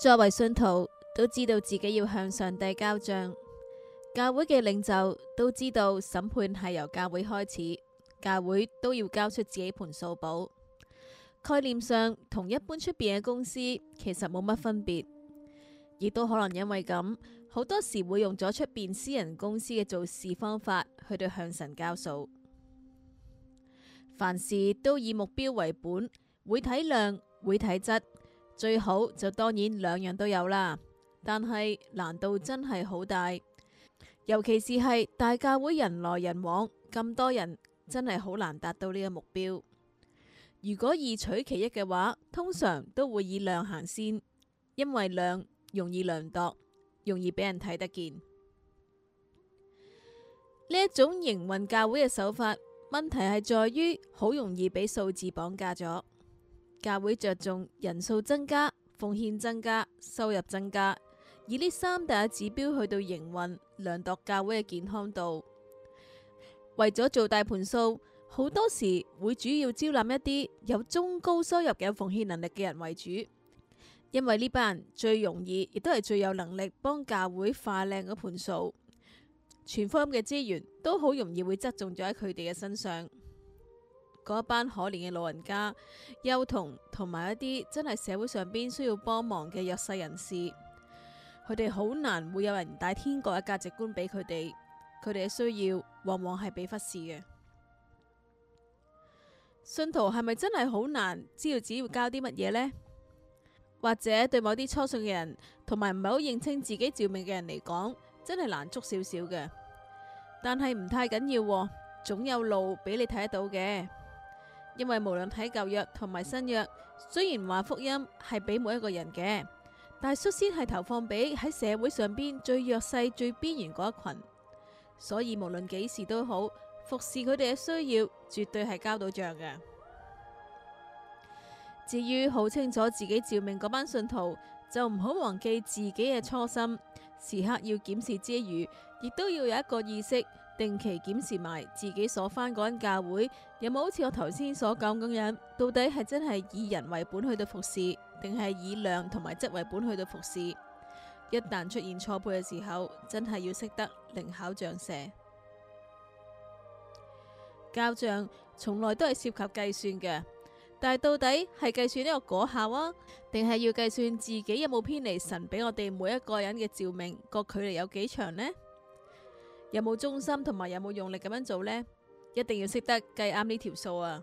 作為信徒都知道自己要向上帝交賬，教會嘅領袖都知道審判係由教會開始，教會都要交出自己盤數簿。概念上同一般出邊嘅公司其實冇乜分別，亦都可能因為咁，好多時會用咗出邊私人公司嘅做事方法去對向神交數。凡事都以目標為本，會體諒，會體質。最好就當然兩樣都有啦，但係難度真係好大，尤其是係大教會人來人往咁多人，真係好難達到呢個目標。如果二取其一嘅話，通常都會以量行先，因為量容易量度，容易俾人睇得見。呢一種營運教會嘅手法，問題係在於好容易俾數字綁架咗。教會着重人數增加、奉獻增加、收入增加，以呢三大指標去到營運量度教會嘅健康度。為咗做大盤數，好多時會主要招攬一啲有中高收入、有奉獻能力嘅人為主，因為呢班人最容易亦都係最有能力幫教會化靚嘅盤數，全方位嘅資源都好容易會側重咗喺佢哋嘅身上。嗰班可憐嘅老人家、幼童同埋一啲真係社會上邊需要幫忙嘅弱勢人士，佢哋好難會有人帶天國嘅價值觀俾佢哋，佢哋嘅需要往往係被忽視嘅。信徒係咪真係好難知道自己要交啲乜嘢呢？或者對某啲初信嘅人同埋唔係好認清自己召命嘅人嚟講，真係難捉少少嘅。但係唔太緊要，總有路俾你睇得到嘅。因為無論睇舊約同埋新約，雖然話福音係俾每一個人嘅，但係率先係投放俾喺社會上邊最弱勢、最邊緣嗰一群，所以無論幾時都好，服侍佢哋嘅需要，絕對係交到賬嘅。至於好清楚自己召命嗰班信徒，就唔好忘記自己嘅初心，時刻要檢視之餘，亦都要有一個意識。定期檢視埋自己所返嗰間教會有冇好似我頭先所講咁樣，到底係真係以人為本去到服侍，定係以量同埋質為本去到服侍？一旦出現錯配嘅時候，真係要識得靈巧像蛇。交賬從來都係涉及計算嘅，但係到底係計算呢個果效啊，定係要計算自己有冇偏離神俾我哋每一個人嘅召命個距離有幾長呢？有冇忠心同埋有冇用力咁樣做呢？一定要識得計啱呢條數啊！